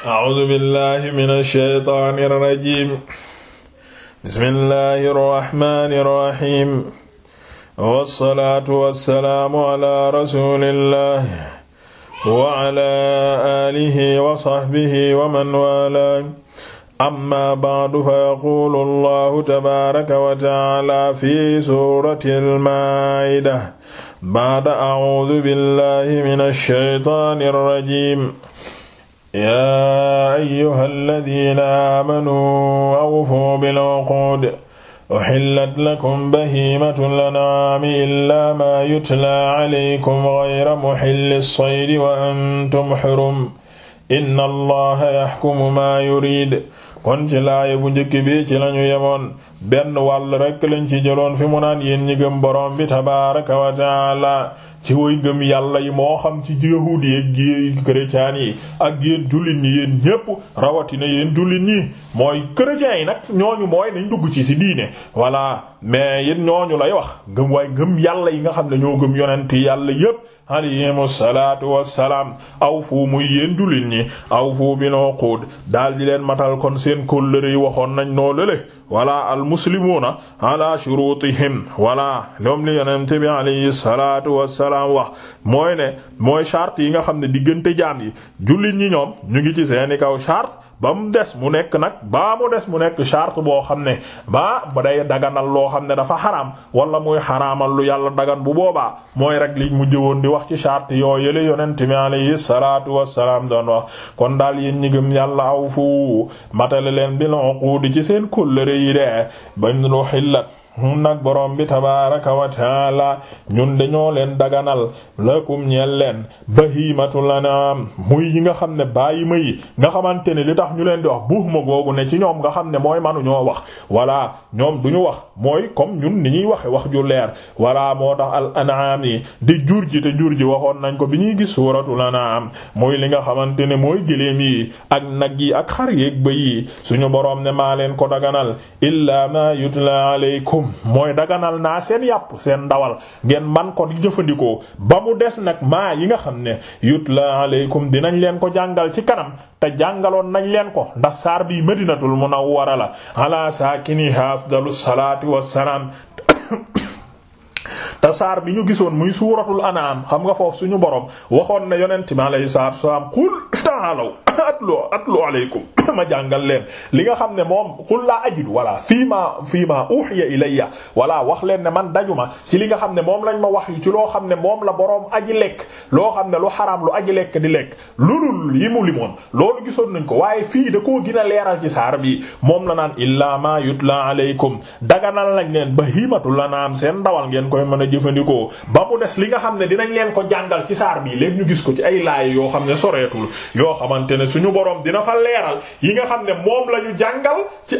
A'uuzu billaahi mina shaytaani rajiim. Bismillaahi rahmaani rahiim. Wassalaatu wassalaamu alaa rasuulillaah wa alaa aalihi wa sahbihi wa man waalaah. Amma ba'du fayaquulu Allaahu tabaaraka wa ta'aalaa fi suuratil Maa'ida ba'da a'uuzu billaahi mina shaytaani rajiim. yaa ayyuha alladina aamanuu awfuu bilcuquud uxillat lakum bahimatu lanaami illaa maa yutlaa calaykum gayra muxilli saydi wa antum xurum inna allaha yaxkumu maa yuriid kon ci laaya bu njëkk bi ci lañu yemoon benn wàll rek lañ ci jëloon fi mu naan yéen ñi gëm borom bi tabaaraka wa taala ci woy gëm yàlla yi moo xam ci yahuud yi ak gi chrétien yi ak yéen jullit ñi yéen ñépp rawatina yéen jullit ñi mooy chrétien yi nag ñooñu mooy nañ dugg ci si diine voilà mais yéen ñooñu lay wax gëm waaye gëm yàlla yi nga xam ne ñoo gëm yonent yàlla yépp alayhimu salaatu wassalaam aw fu muy yéen jullit ñi aw fu bi noo xuud daal di leen matal kon seen kóllëre yi waxoon nañ noo lële wala al muslimuuna ala shurutihim wala ñoom li yonent bi alayhi salaatu wassalaam wax mooy ne mooy charte yi nga xam ne diggante jaam yi jullit ñi ñoom ñu ngi ci seeni kaw charte ba mu des mu nekk nag baa mu des mu nekk charte boo xam ne baa ba day daganal loo xam ne dafa xaraam wala muy xaraamal lu yàlla dagan bu boobaa mooy rek li mu jëwoon di wax ci charte yoo yële yonent bi alayhi salaatu wassalaam doon wax kon daal yéen ñu gëm yàlla aw fu matale leen bi la uqudi ci seen kóllëre yi de bañ lu xillat ñun nag boroom bi tabaaraka wa taala ñun dañoo leen daganal lakum ñeel leen bahiimatul anaam muy yi nga xam ne bàyyi ma yi nga xamante ne li tax ñu leen di wax ma googu ne ci ñoom nga xam ne mooy manu ñoo wax walaa ñoom duñu wax mooy comme ñun ni ñuy waxe wax ju leer walla moo tax al anaam yi di jur ji te jur ji waxoon nañ ko bi ñuy gis suuratul anaam mooy li nga xamante ne mooy géléem yi ak nag yi ak xar yeeg bëy yi suñu borom ne maa leen ko daganal mooy daganal naa seen yàpp seen ndawal ngeen man ko jëfandikoo ba mu des nag maa yi nga xam ne yutla aleykum dinañ leen ko jàngal ci kanam te jàngaloon nañ leen ko ndax saar bii madinatul munawwara la ala saakiniha afdalus salaatu wassalaam te saar bi ñu gisoon muy suuratul anaam xam nga foofu suñu boroom waxoon na yonent mi alayhi salaatu wassalaam qul taalaw atlu atlu alaykum ma jàngal leen li nga xam ne moom qul laa ajidu wala fii ma fii ma uhiya ya wala wax leen ne man dajuma ma ci li nga xam ne moom lañ ma wax yu ci loo xam ne moom la boroom aji lekk loo xam ne lu xaraam lu aji lekk di lekk lulul yi mu limoon loolu gisoon nañ ko waaye fii da koo gën a leeral ci saar bi moom la naan illaa ma yutla alaykum daganal lañ leen bahimatul anaam seen ndawal ngeen koy mën a jëfandikoo ba mu des li nga xam ne dinañ leen ko jàngal ci saar bii léegi ñu gis ko ci ay laay yoo xam ne soreetul yoo xamante ne suñu boroom dina fa leeral yi nga xam ne moom la ñu jàngal ci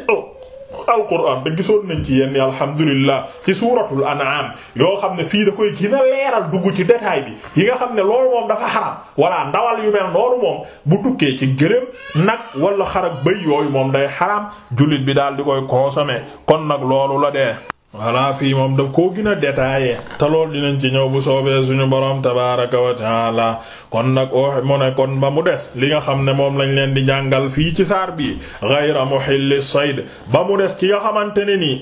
alquran da gisoon nañ ci yenn alhamdulillah ci suuratul an'am yoo xam ne fii da koy gën a leeral dugg ci détail bi yi nga xam ne loolu moom dafa xaram walla ndawal yu mel noonu moom bu tukkee ci gëléem nag wala xarak bëy yooyu moom day xaram jullit bi daal di koy consommer kon nag loolu voilà fii moom daf koo gën a détaillé te lool dinañ ci ñëw bu soobee suñu borom tabaaraka wa taala kon nag oo oh, mu ne kon ba mu des li nga xam ne moom lañ leen di jàngal fii ci saar bi ghayra muhilli sayd ba mu des ci nga xamante ne nii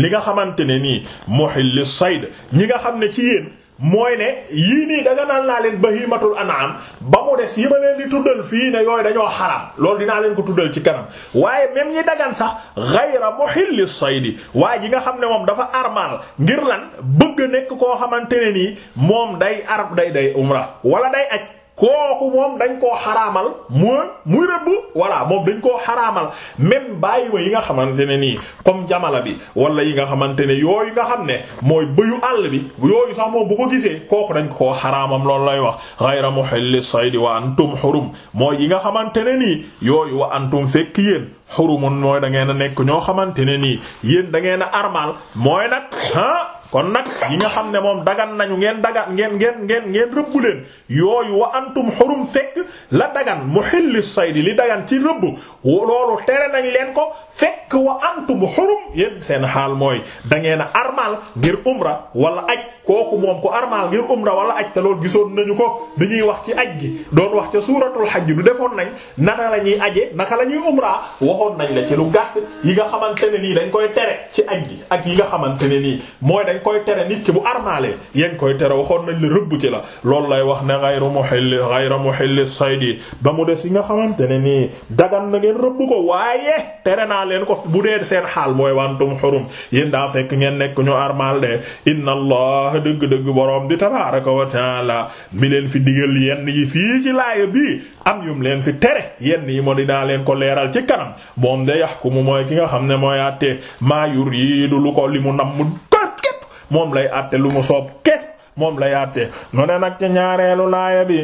li nga xamante ne nii muhilli sayd ñi nga xam ne ci yéen mooy ne yii nii danga naan naa leen bahimatul an'am ba mu des yi ma leen di tuddal fii ne yooyu dañoo xaraam loolu dinaa leen ko tuddal ci kanam waaye même ñi dagan sax ghayra muhilli saydi waaye ji nga xam ne moom dafa armal ngir lan bëgg nekk koo xamante ne nii moom day arab day day umra wala day aj kooku moom dañ koo xaraamal mooy muy rëbb voilà moom dañ koo xaraamal même bàyyi ma yi nga xamante ne nii comme jamala bi wala yi nga xamante ne yooyu nga xam ne mooy bëyu àll bi yooyu sax moom bu ko gisee kooku dañ koo xaraamam loolu lay wax ghayra muhilli saydi wa antum xurum mooy yi nga xamante ne nii yooyu wa antum fekk yéen xurumun mooy da ngeen a nekk ñoo xamante ne nii yéen da a armal mooy nag ah kon nag yi nga xam ne moom dagan nañu ngeen dagan ngeen ngeen ngeen ngeen rëbb leen yooyu wa antum xurum fekk la dagan muhilli saydi li dagan ci rëbb loolu tere nañ leen ko fekk wa antum xurum yéen seen xaal mooy dangeen ngeen a armal ngir umra wala aj kooku moom ko armal ngir umra wala aj te loolu gisoon nañu ko bi ñuy wax ci aj gi doon wax ca suuratul xaj du defoon nañ naka la ñuy aje naka la ñuy umra waxoon nañ la ci lu gàtt yi nga xamante ne nii dañ koy tere ci aj gi ak yi nga xamante ne nii mooy dañ koy tere nit ki bu armaalee yéen koy tere waxoon nañ la rëbb ci la lool lay wax ne ghayru muhilli ghayru muhilli saydi ba mu des yi nga xamante ne nii dagan na ngeen rëbb ko waaye tere naa leen ko bu dee seen xaal mooy wantum xurum yéen daa fekk ngeen nekk ñu armaal de inna allah dëgg-dëgg boroom di tabaaraka wa taala mi leen fi digal yenn yi fii ci laaya bii am yum leen fi tere yenn yi moo dinaa leen ko leeral ci kanam moom de yahkumu mooy ki nga xam ne mooy àtte maa yuriidu lu ko li mu moom lay àtte lu mu soob kes moom lay àtte mu ne nag ca ñaareelu laaya bi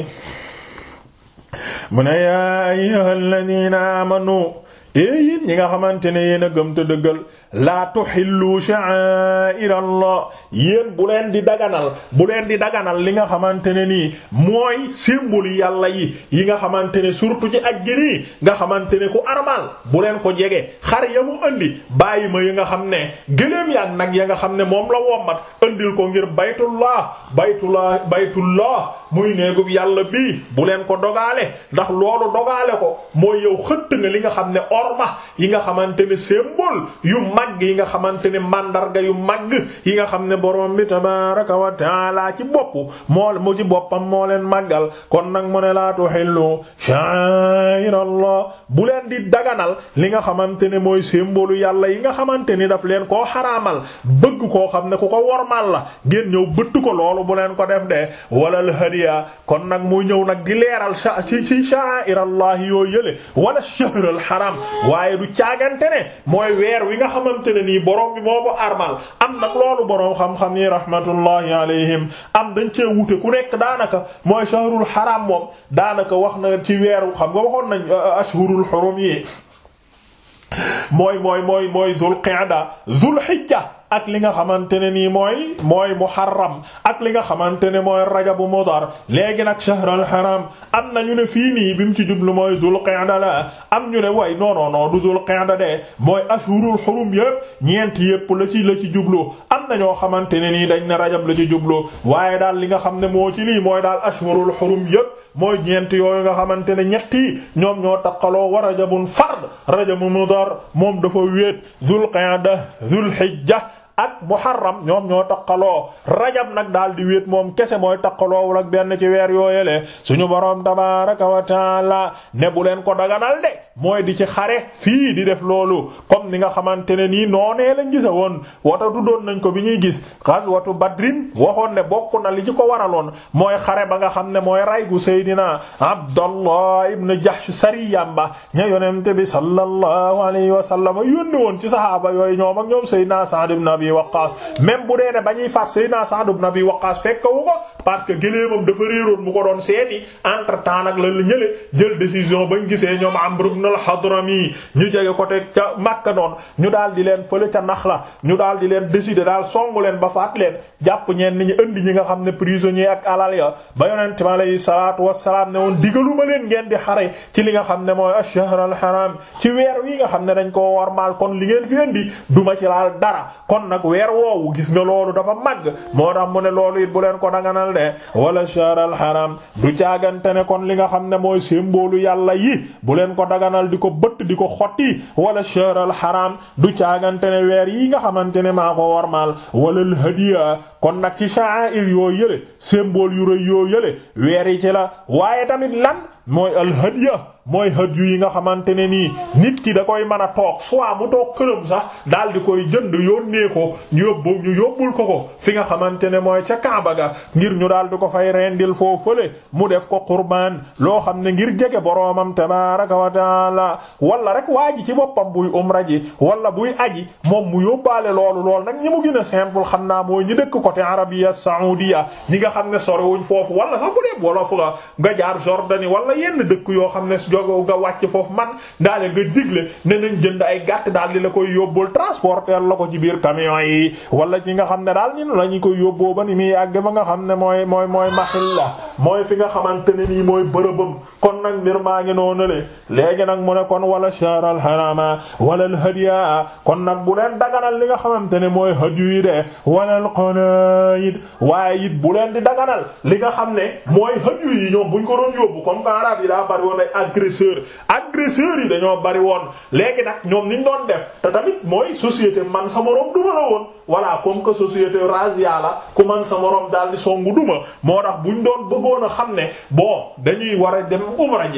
mu ne yaa ayyuhal ladina amanu ee yéen nga xamante ne yéen a gëm te dëggal laa tuhillu sha'a'ira Allah yéen bu leen di daganal bu leen di daganal li nga xamante ne nii mooy symbole yàlla yi yi nga xamante ne surtout ci ak gi nii nga xamante ne ku armal bu leen ko jege xar ya mu indi bàyyi ma yi nga xam ne gëléem yaag nag ya nga xam ne moom la wommat indil ko ngir baytullah baytullah baytullah muy néegub yàlla bii bu leen ko dogaale ndax loolu dogaale ko mooy yow xëtt nga li nga xam ne orma yi nga xamante ne symbole yu màgg yi nga xamante ne màndarga yu màgg yi nga xam ne borom bi tabaaraka wa taala ci bopp moo mu ci boppam moo leen màggal kon nag mu ne laa tuhillu sha'irallah bu leen di daganal li nga xamante ne mooy symbole yàlla yi nga xamante ni daf leen koo xaraamal bëgg koo xam ne ku ko wormal la ngeen ñëw bëtt ko loolu bu leen ko def de wala al hadiya kon nag mu ñëw nag di leeral sa ci ci sha'irallahi yoo yële wala shahr al waaye du caagante ne mooy weer wi nga xamante ne nii borom bi moo ko armal am nag loolu boroom xam-xam yi rahmatullahi alayhim am dañ cee wute ku nekk daanaka mooy shahrul haram moom daanaka wax na ci weeru xam nga waxoon nañ uh, ashhurul hurum yi mooy mooy mooy mooy dhul qa'da dhul hijja ak li nga xamante ne nii mooy mooy muharram ak li nga xamante ne mooy rajabu mudar léegi nag shahrul haram am na ñu ne fii nii bi mu ci jublu mooy dul qa'da am ñu ne way du dul qa'da de mooy ashurul hurum yëpp ñeent yëpp la ci la ci jublu am na ñoo xamante ne nii dañ ne rajab la ci jublu waaye daal li nga xam ne moo ci mooy daal ashurul hurum yëpp mooy ñeent yooyu nga xamante ne ñetti ñoom ñoo takkaloo wa rajabun fard rajabu mudar moom dafa wéet dul qa'da dul hijja ak muharram ñoom ñoo taqaloo rajab nag daal di wéet moom kese mooy taqaloowul ak benn ci weer yooyele suñu boroom tabaraka wa taala ne bu leen ko daganal de mooy di ci xare fii di def loolu comme ni nga xamante ne nii noonee lañ gisa woon watatu doon nañ ko bi ñuy gis watu badrin waxoon ne bokk na li ci ko waraloon mooy xare ba nga xam ne mooy ray gu seydina abdallah ibn jahsh sariyam ba ña yonente bi sallallahu alayhi wa a yónni woon ci sahaaba yooyu ñoom Waqqaas même bu dee ne ba ñuy faat Seydina Sa'd ibn Abi Waqqaas fekkawu ko parce que géléemam dafa réeroon mu ko doon seeti entre temps nag la ñële jël décision bañ gisee ñoom Amr ibn hadrami ñu jege côté ca Makka noonu ñu daal di leen fële ca Naxla ñu daal di leen décider daal songu leen ba faat leen jàpp ñeen ni ñu indi ñi nga xam ne prisonnier ak alal ya ba yonent mi leen di xare ci li nga xam ne mooy ash-shahr al-haram ci weer wi nga xam ne dañ nag weer woowu gis nga loolu dafa màgg moo tax mu ne loolu it bu leen ko danganal de wala shahr al haram du caagante ne kon li nga xam ne mooy symbole yàlla yi bu leen ko daganal di ko bëtt di ko xotti wala shahr al haram du caagante ne weer yi nga xamante ne maa ko wormaal wala al hadiya kon nag ci sha'air yoo yële symbole yu rëy yoo yële weer yi ci la waaye tamit lan mooy alhadiya mooy hadiyu yi nga xamante ne nii nit ki da koy mën a toog soit mu toog këram sax daal di koy jënd yónnee ko ñu yóbbu yóbbul ko ko fi nga xamante ne mooy ca Kaaba ga ngir ñu daal di ko fay rendil foofu fële mu def ko qurbaan loo xam ne ngir jege boroomam tabaaraka wa taala wala rek waa ji ci boppam buy umra ji wala buy aji moom mu yóbbaale loolu lool nag ñi mu gën a simple xam naa mooy ñi dëkk côté Arabia Saoudia ñi nga xam ne soriwuñ foofu wala sax wala yenn dëkk yoo xam ne jogo nga wàcc foofu man daale nga digle ne nañ jënd ay gàtt daal di la koy yóbbul transporter la ko ci biir camion yi wala ci nga xam ne daal ñun la ñu koy yóbboo ba ni muy àgg ba nga xam ne mooy mooy mooy maxil la mooy fi nga xamante ne nii mooy bërëbam kon nag mbir maa ngi noonu le léegi nag mu ne kon wala shahr al harama wala al hadiya kon nag bu leen daganal li nga xamante ne mooy hadiyu yi de wala al qanaid waaye it bu leen di daganal li nga xam ne mooy hadiyu yi buñ ko doon yóbbu comme que arab yi daa bari woon ay agresseur agresseurs yi dañoo bari woon léegi nag ñoom niñ doon def te tamit mooy société man sa morom duma la woon voilà comme que société razia la ku man sa morom daal di songu duma moo tax buñ doon bëgg woon a xam ne bon dañuy war a dem umra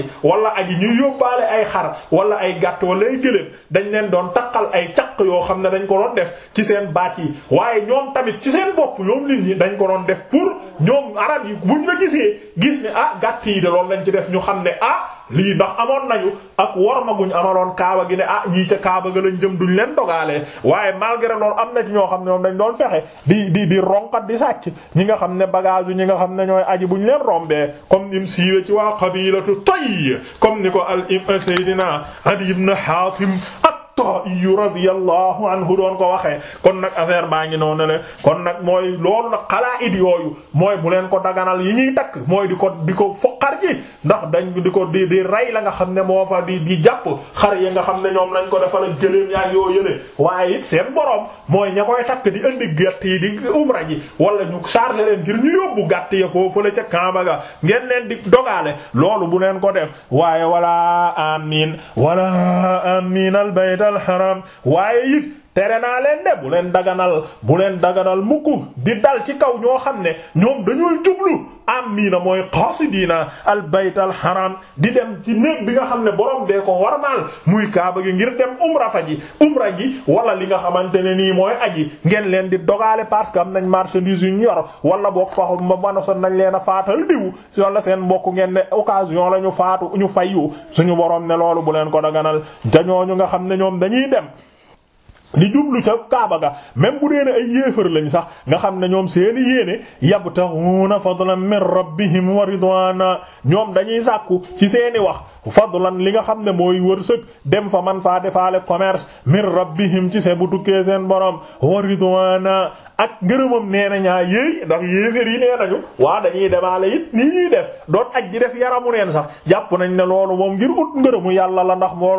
ay xar wala ay gàtt wala ay gëléem dañ leen doon taqal ay caq yoo xam ne dañ ko doon def ci seen baat yi waaye ñoom tamit ci seen bopp ñoom nit ñi dañ ko doon def pour ñoom arab yi buñ la gisee gis ne ah gàtt yi de loolu lañ ci def ñu xam ne ah lii ndax amoon nañu ak war ma amaloon kaaba gi ne ah ñii ca kaaba ga lañ jëm duñ leen dogalee waaye malgré loolu am na ci ñoo xam ne ñoom dañ doon fexe di di di ronkat di sàcc ñi nga xam ne bagage ñi nga xam ne ñooy aji buñ ngeen rombee comme ni mu siiwee ci waa qabilatu Tayy comme ni ko al Sayyidina Adi ibn Hatim at-Taa'i radiyallahu anhu doon ko waxee kon nag affaire baa ngi noonu le kon nag mooy loolu nag xalaa'id yooyu mooy bu leen ko daganal yi ñuy takk mooy di ko di ko foqar ji ndax dañ di ko di di rey la nga xam ne moo fa di di jàpp xar ya nga xam ne ñoom lañ ko defal ak jëleen yaa yoo yële waaye it seen borom mooy ña koy takk di indi gàtt yi di umra ji wala ñu chargé leen ngir ñu yóbbu gàtt ya foofu la ca Kaaba ga ngeen leen di dogaale loolu bu leen ko def waaye alxaram waaye it tere naa leen de bu leen daganal bu leen daganal mbukk di dal ci kaw ñoo xam ne ñoom dañooy jublu amina mooy qaasidiina al bayt al haram di dem ci bi nga xam ne borom dee ko muy kaaba gi ngir dem umra fa ji umra ji wala li nga xamante ne nii mooy aji ngeen leen di dogaale parce am nañ marchandise yu ñu yor wala boog faxu ma manoson nañ leen faatal diw wala seen mbokk ngeen ne occasion la ñu faatu ñu fayyu suñu borom ne bu leen ko daganal dañoo ñu nga xam ne ñoom dañuy dem di jublu ca Kaaba ga même bu dee ne ay yéefar lañ sax nga xam ne ñoom seeni yéene yabtaghuna fadlan min rabbihim wa ridwana ñoom dañuy sàkku ci seeni wax fadlan li nga xam ne mooy wërsëg dem fa man faa defaale commerce min rabbihim ci seen bu tukkee seen borom wa ridwana ak ngërëmam nee ñaa yéey ndax yéefar yi nee nañu waa dañuy demaale it nii ñuy def doon aj di def yaramu neen sax jàpp nañ ne loolu moom ngir ut ngërëmu yàlla la ndax moo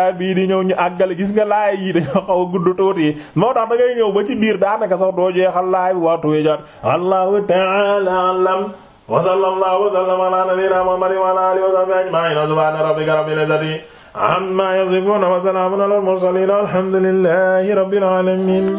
jotaay bii di ñëw ñu àggale gis nga laay yi dañoo xaw a gudd tuuti moo tax da ngay ñëw ba ci biir daanaka sax doo jeexal laay bi waxtu wi jot allahu ta'ala alam wa sallallahu wa sallama ala nabiyyina muhammadin wa ala alihi wa sahbihi ajma'in subhana rabbika rabbil izzati amma yasifun wa salamun alal mursalin alhamdulillahi rabbil alamin